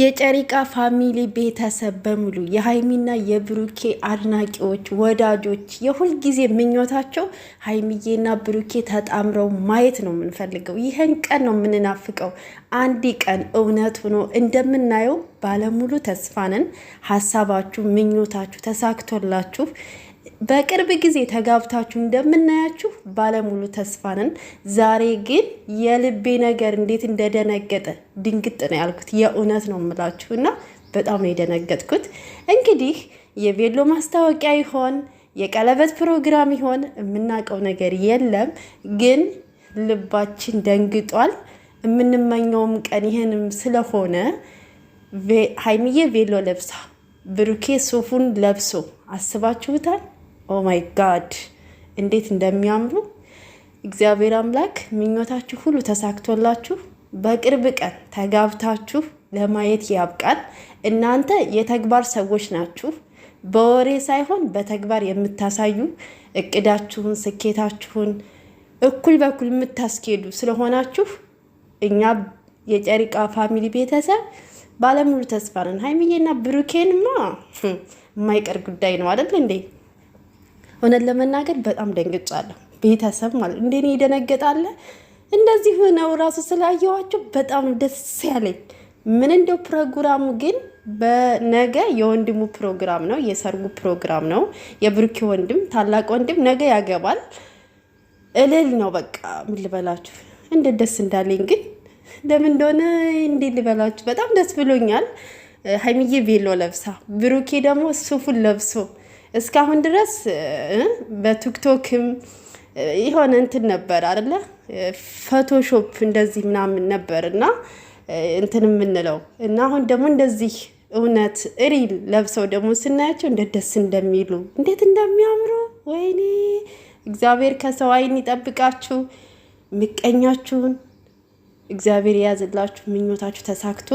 የጨሪቃ ፋሚሊ ቤተሰብ በሙሉ የሀይሚና የብሩኬ አድናቂዎች ወዳጆች የሁልጊዜ ምኞታቸው ሀይሚዬና ብሩኬ ተጣምረው ማየት ነው የምንፈልገው። ይህን ቀን ነው የምንናፍቀው። አንድ ቀን እውነት ሆኖ እንደምናየው ባለሙሉ ተስፋ ነን። ሀሳባችሁ ምኞታችሁ ተሳክቶላችሁ በቅርብ ጊዜ ተጋብታችሁ እንደምናያችሁ ባለሙሉ ተስፋ ነን። ዛሬ ግን የልቤ ነገር እንዴት እንደደነገጠ ድንግጥ ነው ያልኩት። የእውነት ነው የምላችሁ እና በጣም ነው የደነገጥኩት። እንግዲህ የቬሎ ማስታወቂያ ይሆን የቀለበት ፕሮግራም ይሆን የምናውቀው ነገር የለም፣ ግን ልባችን ደንግጧል። የምንመኘውም ቀን ይህንም ስለሆነ ሀይሚዬ ቬሎ ለብሳ ብሩኬ ሱፉን ለብሶ አስባችሁታል? ኦ ማይ ጋድ እንዴት እንደሚያምሩ እግዚአብሔር አምላክ ምኞታችሁ ሁሉ ተሳክቶላችሁ በቅርብ ቀን ተጋብታችሁ ለማየት ያብቃል። እናንተ የተግባር ሰዎች ናችሁ። በወሬ ሳይሆን በተግባር የምታሳዩ እቅዳችሁን፣ ስኬታችሁን እኩል በኩል የምታስኬዱ ስለሆናችሁ እኛ የጨሪቃ ፋሚሊ ቤተሰብ ባለሙሉ ተስፋ ነን። ሀይሚዬና ብሩኬንማ የማይቀር ጉዳይ ነው አይደል እንዴ? እውነት ለመናገር በጣም ደንግጫለሁ። ቤተሰብ ማለት እንደኔ ይደነግጣል። እንደዚህ ነው ራሱ ስላየዋቸው በጣም ደስ ያለኝ። ምን እንደው ፕሮግራሙ ግን በነገ የወንድሙ ፕሮግራም ነው፣ የሰርጉ ፕሮግራም ነው። የብሩኬ ወንድም ታላቅ ወንድም ነገ ያገባል። እልል ነው በቃ ምን ልበላችሁ፣ ደስ እንዳለኝ ግን ለምን እንደሆነ እንዲ ልበላችሁ፣ በጣም ደስ ብሎኛል። ሀይሚዬ ቬሎ ለብሳ ብሩኬ ደግሞ ሱፉን ለብሶ እስካሁን ድረስ በቲክቶክም የሆነ እንትን ነበር አለ ፎቶሾፕ እንደዚህ ምናምን ነበር እና እንትን የምንለው እና አሁን ደግሞ እንደዚህ እውነት ሪል ለብሰው ደግሞ ስናያቸው እንዴት ደስ እንደሚሉ እንዴት እንደሚያምሩ ወይኔ እግዚአብሔር ከሰው ዓይን ይጠብቃችሁ። ምቀኛችሁን እግዚአብሔር የያዝላችሁ። ምኞታችሁ ተሳክቶ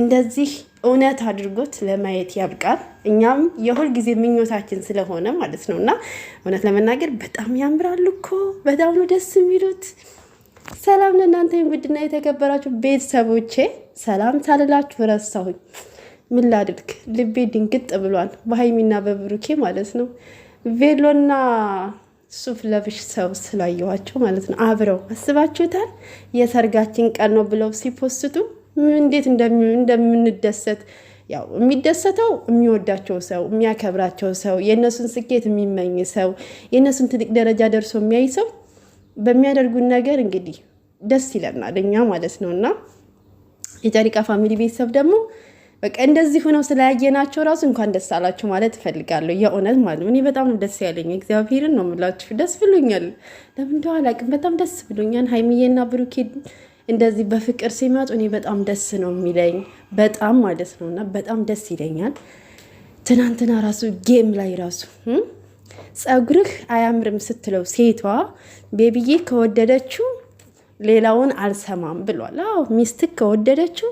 እንደዚህ እውነት አድርጎት ለማየት ያብቃል። እኛም የሁል ጊዜ ምኞታችን ስለሆነ ማለት ነው እና እውነት ለመናገር በጣም ያምራሉ እኮ በጣም ነው ደስ የሚሉት። ሰላም ለእናንተ ውድና የተከበራችሁ ቤተሰቦቼ፣ ሰላም ሳልላችሁ ረሳሁኝ። ምን ላድርግ ልቤ ድንግጥ ብሏል፣ በሀይሚና በብሩኬ ማለት ነው። ቬሎና ሱፍ ለብሽ ሰው ስላየኋቸው ማለት ነው አብረው አስባችሁታል። የሰርጋችን ቀን ነው ብለው ሲፖስቱ እንዴት እንደምንደሰት ያው የሚደሰተው የሚወዳቸው ሰው የሚያከብራቸው ሰው የእነሱን ስኬት የሚመኝ ሰው የእነሱን ትልቅ ደረጃ ደርሶ የሚያይ ሰው በሚያደርጉን ነገር እንግዲህ ደስ ይለናል እኛ ማለት ነው። እና የጨሪቃ ፋሚሊ ቤተሰብ ደግሞ በቃ እንደዚህ ሆነው ስለያየናቸው ራሱ እንኳን ደስ አላችሁ ማለት እፈልጋለሁ። የእውነት ማለት ነው። እኔ በጣም ነው ደስ ያለኝ፣ እግዚአብሔርን ነው የምላችሁ። ደስ ብሎኛል። ለምንደ እንደው አላውቅም፣ በጣም ደስ ብሎኛል። ሀይሚዬና ብሩኬ እንደዚህ በፍቅር ሲመጡ እኔ በጣም ደስ ነው የሚለኝ በጣም ማለት ነው። እና በጣም ደስ ይለኛል። ትናንትና ራሱ ጌም ላይ ራሱ ጸጉርህ አያምርም ስትለው ሴቷ ቤቢዬ ከወደደችው ሌላውን አልሰማም ብሏል። አዎ ሚስትህ ከወደደችው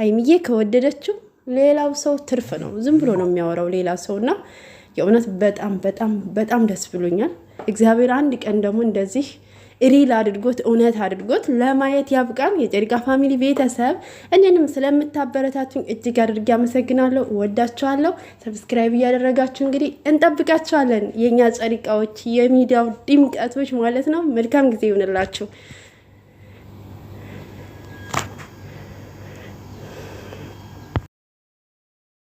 ሀይሚዬ ከወደደችው ሌላው ሰው ትርፍ ነው። ዝም ብሎ ነው የሚያወራው ሌላ ሰው እና የእውነት በጣም በጣም በጣም ደስ ብሎኛል። እግዚአብሔር አንድ ቀን ደግሞ እንደዚህ ሪል አድርጎት እውነት አድርጎት ለማየት ያብቃን። የጨሪቃ ፋሚሊ ቤተሰብ እኔንም ስለምታበረታቱኝ እጅግ አድርጌ አመሰግናለሁ። ወዳችኋለሁ። ሰብስክራይብ እያደረጋችሁ እንግዲህ እንጠብቃችኋለን። የእኛ ጨሪቃዎች፣ የሚዲያው ድምቀቶች ማለት ነው። መልካም ጊዜ ይሆንላችሁ።